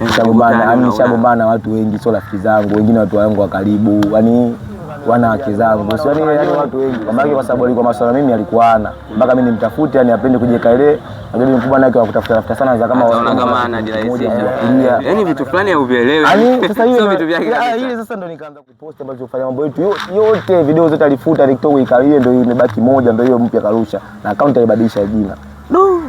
nishagombana yaani yaani watu wengi, sio rafiki zangu wengine, watu wangu wa karibu, yani wana wake zangu, sio yani yaani watu wengi, kwa maana kwa sababu alikuwa masuala mimi alikuwa ana mpaka mimi nimtafute, yani apende kujeka ile lakini mkubwa nake kutafuta rafiki sana za kama wanaona kama ana jirahisi yani vitu fulani au hauvielewi. Yani sasa hiyo vitu vyake hii, sasa ndo nikaanza kupost ambazo kufanya mambo yetu yote, video zote alifuta TikTok, ikawa ndio imebaki moja, ndio hiyo mpya karusha, na account alibadilisha jina no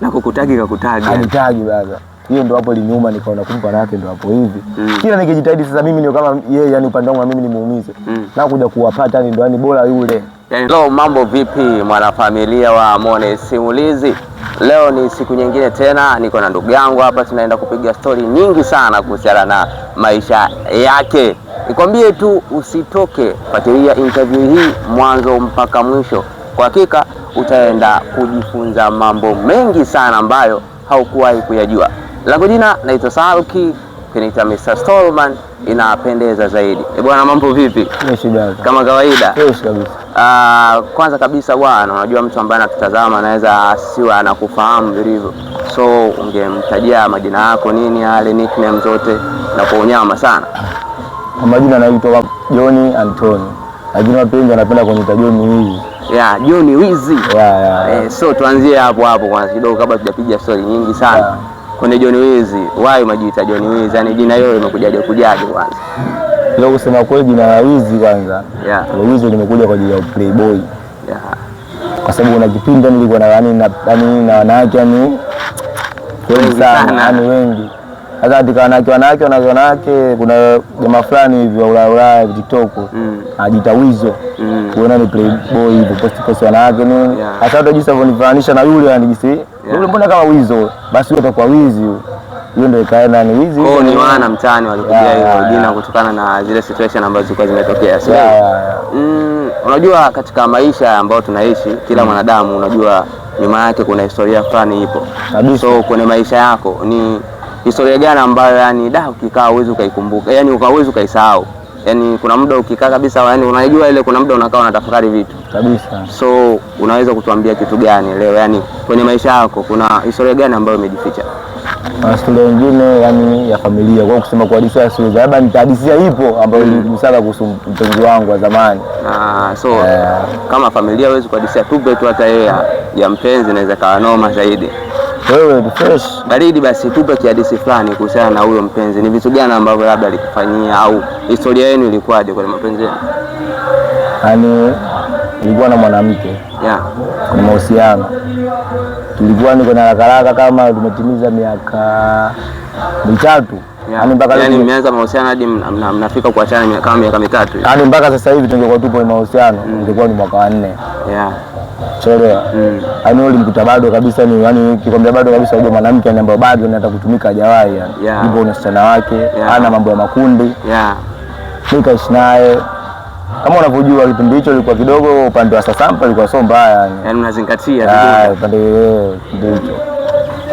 na kukutagi kakutagi, anitagi baba hiyo ndo hapo liniuma, nikaona kumpa na yake ndo hapo hivi mm. Kila nikijitahidi sasa mimi ni kama yeye, yani upande wangu mimi nimuumize mm. na kuja kuwapata ni ndo yani bora yule yani. Leo mambo vipi, mwanafamilia wa Mone Simulizi? Leo ni siku nyingine tena, niko na ndugu yangu hapa, tunaenda kupiga stori nyingi sana kuhusiana na maisha yake. Nikwambie tu usitoke, fuatilia interview hii mwanzo mpaka mwisho. Kwa hakika utaenda kujifunza mambo mengi sana ambayo haukuwahi kuyajua langu jina naitwa Saruki, kinaita Mr. Stallman, inapendeza zaidi. E bwana, mambo vipi? Kama kawaida. Uh, kwanza kabisa bwana, unajua mtu ambaye anatutazama anaweza asiwe anakufahamu vilivyo, so ungemtajia majina yako nini, yale nickname zote na kwa unyama sana? Kwa majina naitwa John Anthony, lakini wapenzi wanapenda kuniita John hivi ya John Wizi. Eh, so tuanzie hapo hapo kwanza kidogo, kabla tujapiga stori nyingi sana yeah kwenye John Wizi wao majiita John Wizi, yani jina hilo limekujaje kujaje? Kwanza ndio kusema kweli, jina la Wizi kwanza, yeah. Wizi limekuja kwa ajili ya playboy, yeah. Kwa sababu kuna kipindi nilikuwa na yani na yani na wanawake yani wengi sana, yani wengi sasa katika wanawake wanawake wanawake, kuna jamaa fulani hivi wa Ulaya Ulaya TikTok mm. anajiita Wizo mm. kuona ni playboy hivi post post wanawake nini, hasa yeah. utajisa kunifananisha na yule yani yule mbona kama wizo? Basi yule atakuwa wizi yule. Hiyo ndio ikae ni wizi. Kwa ni wana mtaani walikujia hiyo jina kutokana na zile situation ambazo zilikuwa zimetokea. yeah. Mm, unajua katika maisha ambayo tunaishi kila mm. mwanadamu unajua nyuma yake kuna historia fulani ipo. So kwenye maisha yako ni historia gani ambayo yani da ukikaa uwezi ukaikumbuka, yani ukawezi ukaisahau? yani kuna muda ukikaa kabisa, yani unajua ile, kuna muda unakaa unatafakari vitu kabisa. So unaweza kutuambia kitu gani leo, yani kwenye maisha yako kuna historia gani ambayo imejificha? Historia nyingine yani ya familia, kwa kusema kwa hadithi sio, labda nitahadithia ipo ambayo mm. iligusana kuhusu mpenzi wangu wa zamani. Ah, so yeah. Kama familia huwezi kuhadithia, tupe tu hata yeye ya mpenzi, naweza kawa noma zaidi wewe ni fresh. Baridi, basi tupe kiadisi fulani kuhusiana na huyo mpenzi. Ni vitu gani ambavyo labda alikufanyia au historia yenu ilikuwaje kwenye mapenzi yenu? Yaani nilikuwa na mwanamke yeah. Kwa mahusiano tulikuwa ni kwenye haraka kama tumetimiza miaka mitatu yaani mpaka yaani mmeanza mahusiano hadi mnafika kuachana kama miaka mitatu. Yaani mpaka sasa hivi tungekuwa tupo kwenye mahusiano mm. ungekuwa ni mwaka wa nne. Yeah. Chelewa. Mm. Yaani ulimkuta bado kabisa ni yaani ukikwambia bado kabisa yule mwanamke ni ambaye bado anataka kutumika hajawahi yani. Yeah. Yupo na msichana wake, yeah. Ana mambo ya makundi. Yeah. Nikaishi naye. Kama unavyojua kipindi hicho ilikuwa kidogo upande wa Sasampa ilikuwa sio mbaya yani. Yaani unazingatia yaani kidogo. Ah, upande hicho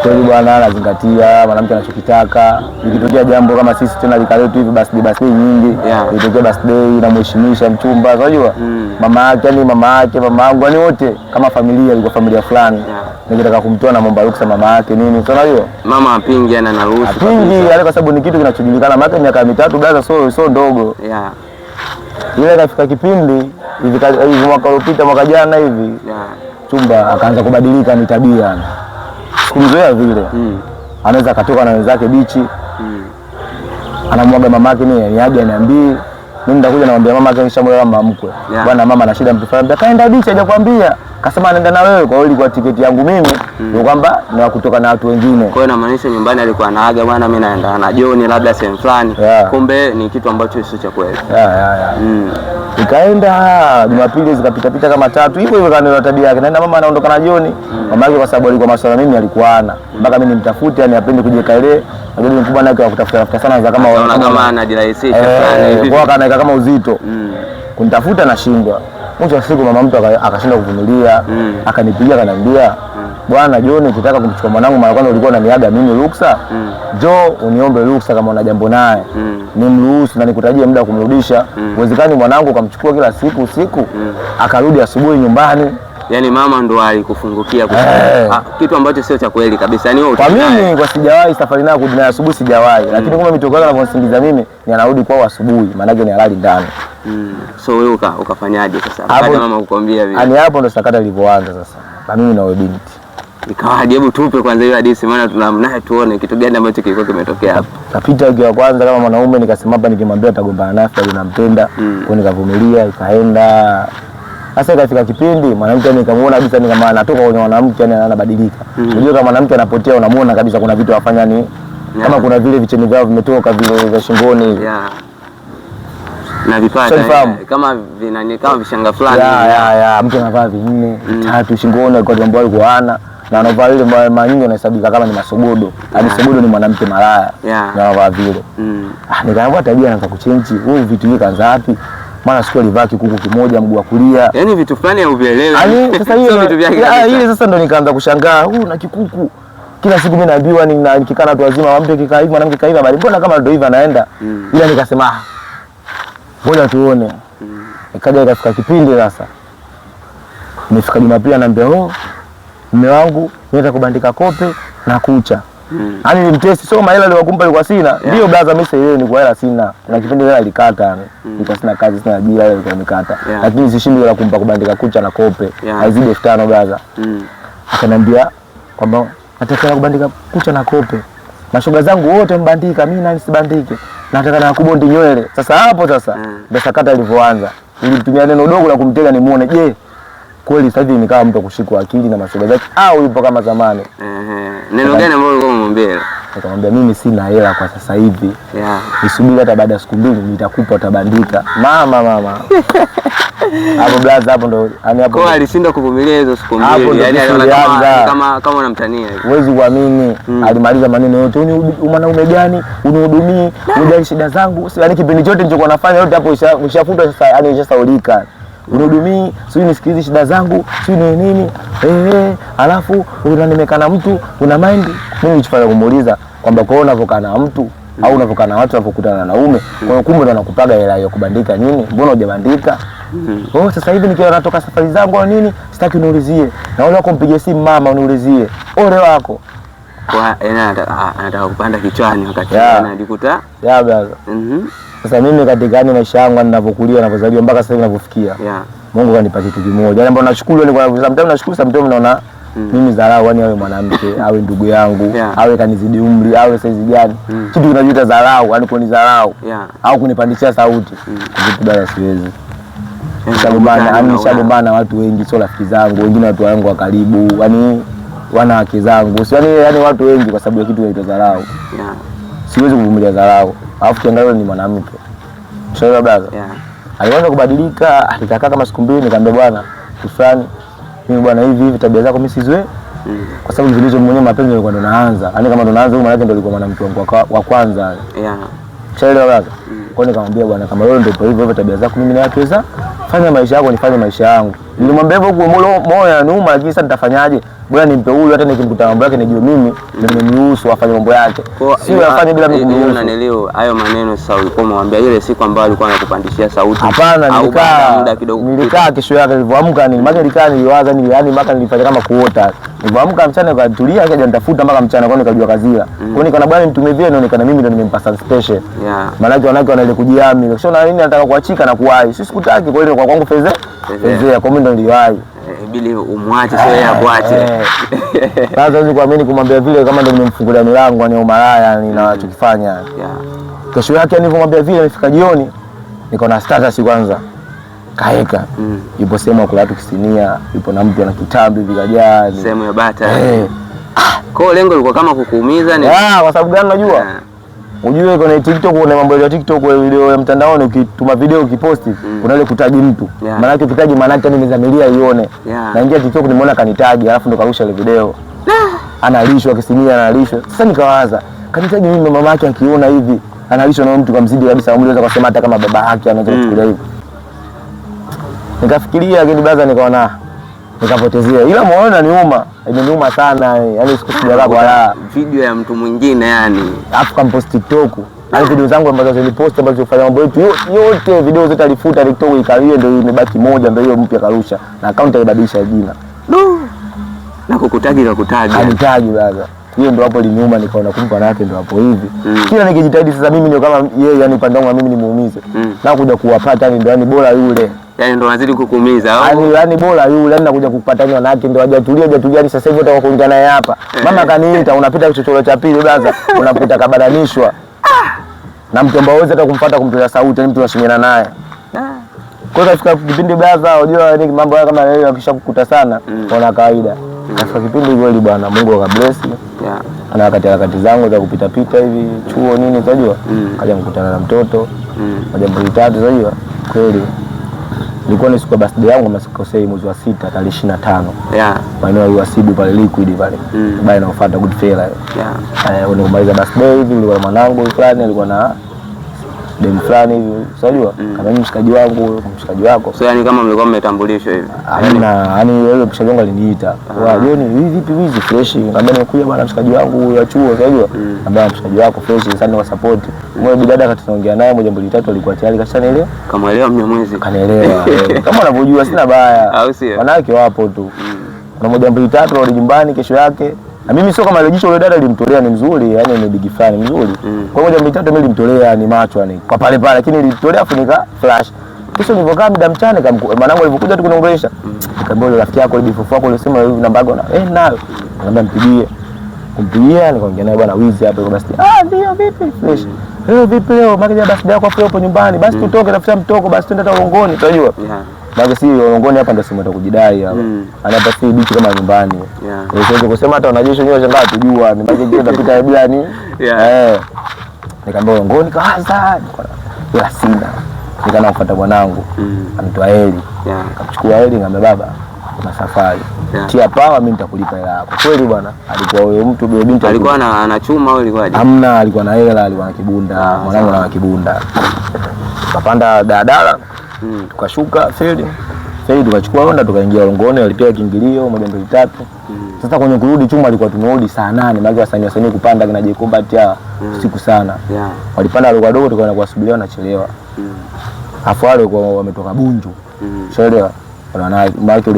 kweli bwana, anazingatia mwanamke anachokitaka. Ikitokea jambo kama sisi tena vikaletu hivi birthday birthday nyingi ikitokea yeah. birthday inamheshimisha mchumba, unajua mm. mama yake ni mama yake mama yangu ni wote kama familia, ilikuwa familia fulani yeah. Nikitaka kumtoa na momba ruksa mama yake nini, unajua mama apingi ana naruhusu apingi yale, kwa sababu ni kitu kinachojulikana, maana miaka mitatu baada, so so ndogo yeah. Ile ikafika kipindi hivi mwaka uliopita mwaka jana hivi yeah. Chumba akaanza kubadilika ni tabia kumzoea vile mm. anaweza akatoka na wenzake bichi mm. anamwaga mamake ni niaje aniambie mimi nitakuja namwambia mama kisha mama mkwe yeah. bwana mama ana shida mtu fulani kaenda bichi hajakwambia Kasema anaenda na wewe, kwa hiyo ilikuwa tiketi yangu mimi mm. kwamba ni kutoka na watu wengine. Kwa hiyo inamaanisha nyumbani alikuwa anaaga bwana, mimi naenda na John labda sehemu fulani yeah. Kumbe ni kitu ambacho sio cha kweli yeah, yeah, yeah. mm. Ikaenda Jumapili zikapita pita kama tatu hivyo hivyo, kanaona tabia yake naenda mama anaondoka na John mm. mama yake, kwa sababu alikuwa masuala mimi alikuwa ana hmm. mpaka mimi nimtafute, yani apende kujeka ile lakini mkubwa nake akutafuta rafiki sana za kama wana kama anajirahisisha fulani, eh, kwa kana kama uzito mm. kunitafuta nashindwa mwisho wa siku mama mtu akashinda kuvumilia mm. akanipigia akaniambia mm. bwana John, ukitaka kumchukua mwanangu mara kwanza ulikuwa unaniaga mimi ruksa mm. jo uniombe ruksa kama una jambo naye mm. nimruhusu na nikutajie muda wa kumrudisha mm. uwezekani mm. mwanangu ukamchukua kila siku usiku mm. akarudi asubuhi nyumbani Yaani mama ndo alikufungukia hey. Eh. Ah, kitu ambacho sio cha kweli kabisa. Yaani wewe kwa mimi kwa sijawahi safari nayo kudina asubuhi sijawahi mm. Lakini kama mitoko yake anavyonisingiza mimi ni anarudi kwao asubuhi, maana yake ni halali ndani. Mm. So wewe uka, ukafanyaje sasa? Hapo mama kukwambia vipi? Yaani hapo ndo sakata lilipoanza sasa. Na mimi na wewe binti. Nikawaje, hebu tupe kwanza hiyo hadithi maana tunamnaye tuone kitu gani ambacho kilikuwa kimetokea hapo. Napita wiki ya kwanza kama mwanaume nikasema hapa nikimwambia atagombana naye sababu nampenda. Mm. Kwa nikavumilia ikaenda. Sasa ikafika kipindi mwanamke nikamuona kabisa ni kama anatoka kwenye mwanamke yani anabadilika. Mm. Unajua kama mwanamke anapotea unamuona kabisa kuna vitu afanya ni yeah. Kama kuna vile vicheni vyao vimetoka vile vya shingoni. Yeah navipata eh, kama vinani kama vishanga fulani mtu anavaa vinne mm. tatu shingoni, alikuwa ana na anavaa vile, mara nyingi anahesabika kama ni masogodo, yaani sogodo ni mwanamke malaya na anavaa vile. Mm. Ah, nikaambia tabia anataka kuchenji huyu, vitu hivi kaanza wapi? Maana siku alivaa kikuku kimoja mguu wa kulia, yaani vitu fulani hauvielewi. Yaani, sasa ile sasa ndo nikaanza kushangaa, huyu na kikuku kila siku mimi naambiwa nikikaa na watu wazima, mwanamke kaiva, mwanamke kaiva, bali mbona kama ndo hivyo anaenda, mm. ila nikasema ah, ngoja tuone. Ikaja ikafika kipindi sasa, nifika Jumapili ananiambia oh, mume wangu niweza kubandika kope na kucha Mm. Yaani nilimtesti soma hela aliyokumpa ilikuwa sina. Ndio yeah. Brother mimi sasa ni kwa hela sina. Na kipindi hela ilikata yani. Mm. Ilikuwa sina kazi sina ajira ile ilikuwa nikata. Yeah. Lakini sishindi wala kumpa kubandika kucha na kope. Yeah. Haizidi elfu tano brother. Mm. Akaniambia kwamba nataka kubandika kucha na kope. Mashoga zangu wote mbandika, mimi nani sibandike nataka na ndi nywele. Sasa hapo sasa ndio ah. sakata ilivyoanza. Nilimtumia neno dogo la kumtega nimuone, je, kweli sasa hivi nikawa mtu kushikwa akili na mashoga zake au yupo kama zamani? Neno gani ambalo ulikuwa unamwambia? nikamwambia mimi sina hela kwa sasa hivi yeah. Nisubiri hata baada ya siku mbili nitakupa, utabandika mama mama hapo blaza, hapo ndo hapo alishinda kuvumilia hizo siku mbili, yani kama kama kama unamtania hivi, huwezi kuamini. mm. Alimaliza maneno yote, uni mwanaume gani unihudumii, unijali shida zangu, yani kipindi chote nilichokuwa nafanya yote hapo ishafuta sasa, yani ishasaulika unihudumii, sijui nisikilizi shida zangu, sijui ni nini ehe, alafu unanimeka na mtu una mind. Mimi nichofanya kumuuliza kwamba kwa unavokaa na mtu mm. au unavokaa na watu unavokutana na naume mm. kwa kumbe ndo anakupaga hela hiyo kubandika nini, mbona hujabandika? Mm. Oh, sasa hivi nikiwa natoka safari zangu au nini, sitaki uniulizie. Na wale wako simu mama uniulizie. Ole oh, wako. Kwa eh, ah, anataka kupanda kichwani wakati anajikuta. Ya brother. Mhm. Sasa mimi katika yani maisha yangu yaani ninavyokulia ninavyozaliwa mpaka sasa ninavyofikia. Yeah. Mungu kanipa kitu kimoja. Yaani mbona nashukuru ni yaani kwa sababu sometimes nashukuru sometimes naona mm. mimi dharau yani awe mwanamke, awe ndugu yangu, yeah. awe kanizidi umri, awe saizi gani. Mm. Kitu kinajiita dharau, yani kuni dharau. Yeah. Au kunipandishia sauti. Mm. Kitu baya siwezi. Nishagombana, yani nishagombana watu wengi sio rafiki zangu, wengine watu wangu wa karibu, yani wanawake zangu. Sio yani, yani watu wengi kwa sababu ya kitu kinaitwa dharau. Yeah siwezi kuvumilia dharau, alafu kiangalia ni mwanamke, ushaelewa brother. Alianza kubadilika, alikakaa kama siku mbili, nikamwambia bwana fulani, mimi bwana, hivi hivi tabia zako mimi sizoe Mm. Kwa sababu zilizo mwenye mapenzi nilikuwa ndo naanza. Yaani kama ndo naanza huyu mwanamke ndo alikuwa mwanamke wangu wa kwanza. Yeah. Chaelewa baba. Mm. Kwa nikamwambia bwana kama wewe ndio hivyo hivyo tabia zako mimi nayo tuweza fanya maisha yako nifanye maisha yangu. Nilimwambia hivyo kwa moyo moyo yaniuma, lakini sasa nitafanyaje? Bwana nimpe huyu, hata nikimkuta mambo yake nijue mimi nimemruhusu afanye mambo yake, si afanye bila mimi kumruhusu. Na leo hayo maneno sasa, ulikuwa umwambia ile siku ambayo alikuwa anakupandishia sauti? Hapana, nilikaa muda kidogo, nilikaa kesho yake nilipoamka, ni maka nilikaa niliwaza ni yani mpaka nilifanya kama kuota. Nilipoamka mchana nikatulia, kaja nitafuta mpaka mchana, kwa nikajua kazila. Mm. Kwa nikaona bwana nitumie vile, nikaona mimi ndo nimempa suspension. Maana yake wanawake wanaile sio na nini anataka kuachika na kuwahi, sisi sikutaki. Kwa hiyo kwa kwangu fedha Nzuri kwa mimi ndo niliwahi. Eh, bili umwache sio yeye akuache. Eh, eh. Sasa siwezi kuamini kumwambia vile kama ndo nimemfungulia milango ni umalaya ni mm. na anachokifanya. Yeah. Kesho yake nilipomwambia vile nifika jioni niko na status kwanza. Kaeka. Mm. Yupo sehemu ya kula watu kisinia, yupo na mtu ana kitabu vikajaa. Sehemu ya bata. Eh. Hey. Ah, kwa lengo lilikuwa kama kukuumiza ni. Ah, kwa sababu gani unajua? Yeah. Ujue kwenye TikTok kuna mambo ya TikTok kwa video ya mtandaoni, ukituma video ukiposti, mm. unaweza kutaji mtu yeah. maana yake ukitaji, maana yake nimezamilia ione yeah. naingia TikTok nimeona kanitaji, alafu ndo karusha ile video ah. analishwa kisimia, analishwa sasa. Nikawaza kanitaji mimi, mama yake akiona hivi analishwa na mtu kwa mzidi kabisa, anaweza kusema hata kama baba yake anaweza mm. kuchukulia hivi. Nikafikiria lakini baza nikaona nikapotezea, ila mwaona niuma, imeniuma sana eh. yani, siku kwa la video ya mtu mwingine yani, afu kampost TikTok yani video zangu ambazo zilipost ambazo zifanya mambo yetu yote, video zote alifuta TikTok, ikawa ndio imebaki moja, ndio hiyo mpya karusha, na account alibadilisha jina no. na kukutaji na kutaji alitaji baba hiyo ndo hapo liniuma, nikaona kumpa na yake ndo hapo hivi mm. Kila nikijitahidi sasa, mimi ndio kama yeye, yani upande wangu mimi nimuumize mm. na kuja kuwapata, yani ndio yani bora yule Yaani ndo nazidi kukumiza Yaani yani bora yule yani nakuja kupata nyona yake ndo hajatulia hajatulia, ni sasa hivi utakuwa kuongea naye hapa. Eh. Mama kaniita unapita kichochoro cha pili blaza, unakuta kabadanishwa. na yaani mtu ambaye hata kumpata kumtoa sauti, ni mtu anashimiana naye ah. kwa hiyo kafika kipindi blaza, unajua ni yaani mambo haya kama yale yakisha kukuta sana kwa mm. kawaida. Mm. Kafika kipindi kweli bwana, Mungu akabless yeah, ana wakati wakati zangu za kupita pita hivi chuo nini, unajua mm. kaja mkutana na mtoto, kaja Majambo mitatu unajua kweli ilikuwa ni siku ya birthday yangu kama sikosei, mwezi wa sita tarehe ishirini na tano yeah. maeneo ya pale Liquid pale mm. baa Good Goodfellas yeah. Eh, ulimaliza birthday hivi, ulikuwa na mwanangu fulani alikuwa na demu fulani hivi, unajua mm. kama ni mshikaji wangu, mshikaji wako. So yani kama mlikuwa mmetambulishwa hivi? Hamna, yani yule mshikaji wangu aliniita, wa Joni, hivi vipi hivi fresh, nikamwambia nimekuja bwana, mshikaji wangu wa chuo, unajua kama mm. mshikaji wako fresh sana, kwa support mmoja bidada, kati tunaongea naye moja mbili tatu, alikuwa tayari kashanielewa, kamaelewa Mnyamwezi, kanaelewa eh. kama unavyojua, sina baya, au sio? Wanawake wapo tu, mm. na moja mbili tatu, rudi nyumbani kesho yake na mimi sio kama ile yule dada alimtolea ni mzuri, yani ni big fan mzuri. Mm. Kwa moja mitatu mimi nilimtolea ni macho yani. Kwa pale pale lakini nilimtolea afunika flash. Kisha nilipokaa muda mchana mwanangu alipokuja tu kuniongelesha. Mm. Nikamwambia yule rafiki yako ile bifufu yako ulisema hivi namba yako na eh nayo. Nikamwambia mpigie. Kumpigia nikaongea naye bwana Wizi hapo basi. Ah ndio vipi flash. Leo eh, vipi leo? Maana basi yako hapo nyumbani. Basi mm. tutoke tafuta mtoko basi tuende hata Ulongoni tunajua. Yeah. Maana si uongoni hapa ndio simata kujidai hapa. Mm. Anapa si bichi kama nyumbani. Yeah. Eh, siwezi kusema hata wanajeshi wenyewe shamba tujua ni maji ndio tapita hebu yani. Yeah. Eh. Mm. Nikamwambia uongoni kaanza. Ila sina. Nikaanza kufuata bwanangu. Mm. Anatoa heli. Yeah. Akamchukua heli ngambe baba na safari. Yeah. Tia pawa mimi nitakulipa hela yako. Kweli bwana, alikuwa huyo mtu bebe binti alikuwa ana anachuma au ilikuwa Hamna, alikuwa na hela, alikuwa na kibunda. Ah, mwanangu ana kibunda. Kapanda daladala mm. tukashuka feli feli tukachukua onda tukaingia Longoni, walipia kiingilio moja mbili tatu mm. Sasa kwenye kurudi chuma alikuwa tunarudi saa nane, maana wasanii wasanii kupanda kina J ya mm. siku sana yeah. walipanda wadogo wadogo, tukaenda kuwasubiria wanachelewa mm. afu wale kwa wametoka Bunju mm. shelewa wana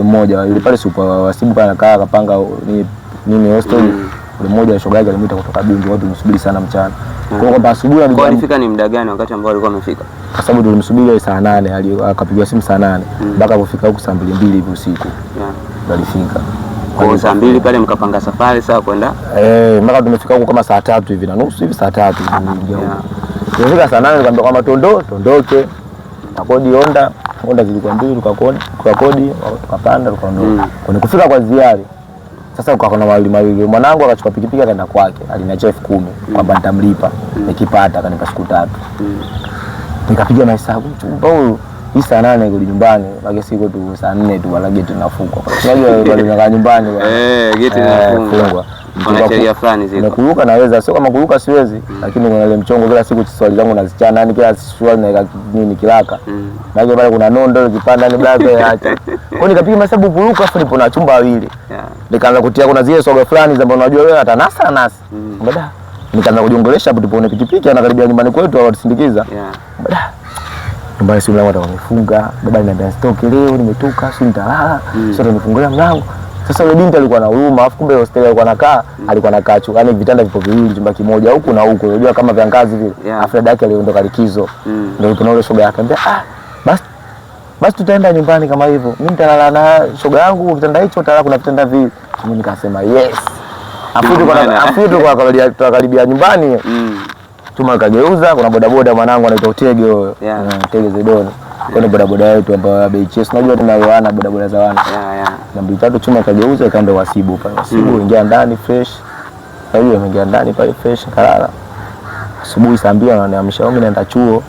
mmoja yule pale super wasibu pale anakaa akapanga nini hostel mm ule mmoja shoga yake alimuita kutoka Bindi, watu wamsubiri sana mchana. Kwa hiyo kwamba asubuhi alikuwa alifika ni muda gani wakati ambao alikuwa amefika? Kwa sababu tulimsubiri saa 8 akapigiwa simu saa 8 mm. mpaka kufika huko saa 2 hivi usiku. Ndio alifika. Kwa saa mbili pale mkapanga safari sawa kwenda? Eh, mpaka tumefika huko kama saa tatu hivi na nusu hivi saa tatu. Ah, tumefika saa 8 tukamwambia kwamba tondo tondoke. Na kodi Honda, Honda zilikuwa mbili tukakodi, tukakodi, tukapanda tukaondoka. Mm. Kwa kufika kwa ziara sasa ukakona mawili mawili, mwanangu akachukua pikipiki akaenda kwake, aliniachia elfu kumi kwamba nitamlipa nikipata, akanipa siku tatu. Nikapiga mahesabu, mchumba huyu hii saa nane kuli nyumbani, lakini iko tu saa nne tu, wala geti linafungwa. Unajua bado nyumbani, eh geti eh, linafungwa kuruka naweza, sio kama kuruka siwezi, mm. lakini kuna ile mchongo, kila siku swali zangu nazichana, yani kila swali naweka nini kilaka mm. na pale kuna nondo kipanda ni black hata kwa nikapiga mahesabu kuruka, afu nipo na chumba wili nikaanza kutia, kuna zile soga fulani ambazo unajua wewe hata nasa nasa mm. baada nikaanza kujiongelesha hapo, tupo na pikipiki anakaribia nyumbani kwetu, awatusindikiza baada nyumbani, simu langu atanifunga baba, niambia stoki leo, nimetoka si nitalala sasa, nifungulia mlango sasa yule binti alikuwa na huruma, afu kumbe hosteli alikuwa anakaa, mm. alikuwa anakaa chuo. yani vitanda vipo viwili, chumba kimoja huku na huku. Unajua kama vya ngazi vile. Yeah. Afu dada yake aliondoka likizo. Mm. Ndio alipoona yule shoga yake anambia, "Ah, basi basi tutaenda nyumbani kama hivyo. Mimi nitalala na shoga yangu vitanda hicho, utalala kuna vitanda vile. Mimi nikasema, "Yes." Afu ndio tulikuwa afu ndio kwa karibia tukaribia nyumbani. Mm. Tuma kageuza, kuna bodaboda mwanangu anaitwa Utege huyo. Yeah. Utege mm, Zedoni kwani bodaboda yetu ambayo ya BHS, chetu, unajua tuna wana bodaboda za wana na mbili tatu chuma kageuza kaenda wasibu pale wasibu mm. ingia ndani fresh, unajua ameingia ndani pale fresh kalala. Asubuhi saa mbili ananiamsha mimi naenda chuo,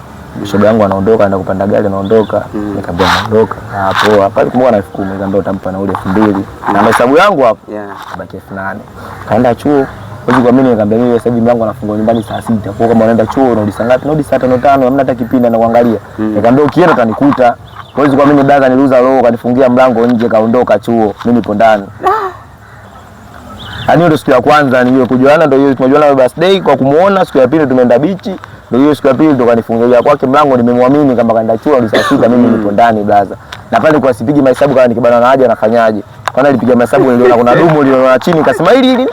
shoga yangu anaondoka anaenda kupanda gari anaondoka mm. nikamwambia anaondoka na poa pale, na ana elfu kumi nikamwambia utampa nauli elfu mbili na mm. hesabu yangu hapo yeah. baki elfu nane kaenda chuo Hivi kwa mimi nikamwambia mimi sasa mimi wangu anafungwa nyumbani saa sita. Kwa kama unaenda chuo unarudi saa ngapi? Narudi saa 5 5, hamna hata kipindi na kuangalia. Mm. Nikamwambia ukienda utanikuta. Kwa hiyo kwa mimi dada niluza roho kanifungia mlango nje kaondoka chuo. Mimi nipo ndani. Yaani ndio siku ya kwanza niliyo kujuana ndio hiyo tumejuana birthday kwa kumuona, siku ya pili tumeenda bichi. Ndio hiyo siku ya pili ndo kanifungulia kwake mlango, nimemwamini kama kaenda chuo hadi saa sita, mimi nipo mm. ndani blaza. Na pale kwa sipigi mahesabu kama nikibana na haja nafanyaje. Kwanza nilipiga mahesabu niliona kuna dumu na chini, nikasema hili hili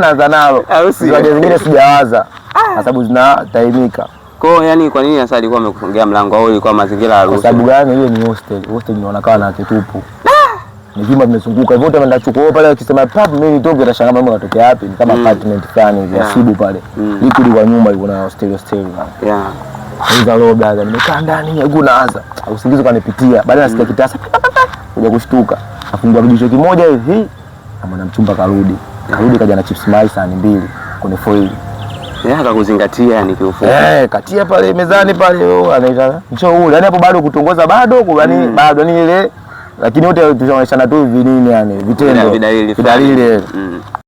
naanza nalo, ziwaja zingine sijawaza ah. kwa sababu zinataimika. Kwa hiyo yani, kwa nini hasa alikuwa amekufungia mlango au ilikuwa mazingira ya ruhusa? sababu gani? Hiyo ni hostel. Hostel ni wanakaa na kitupu. Ah! Ni vyumba vimezunguka. Hivyo utaenda chukua pale ukisema pub mimi nitoke nitashanga mambo yanatokea wapi? Ni kama mm. apartment fulani ya sibu pale. Mm. Liquid kwa nyuma yuko na hostel hostel. ya Hizo roho brother, nimekaa ndani hakuna hasa. Usingizi kanipitia. Baadaye nasikia kitasa. Kuja kushtuka. Afungua kidisho kimoja hivi. Na mwana mchumba karudi karudi kaja na chips mai sahani mbili kwenye foil. Yeye eh, akakuzingatia yani kiufu. Eh, katia pale mezani pale oh, anaita njoo ule. Yaani hapo bado kutongoza bado yani mm. bado ni ile lakini wote tunaoneshana tu vinini yani vitendo. Vidalili. Vidalili. Mm.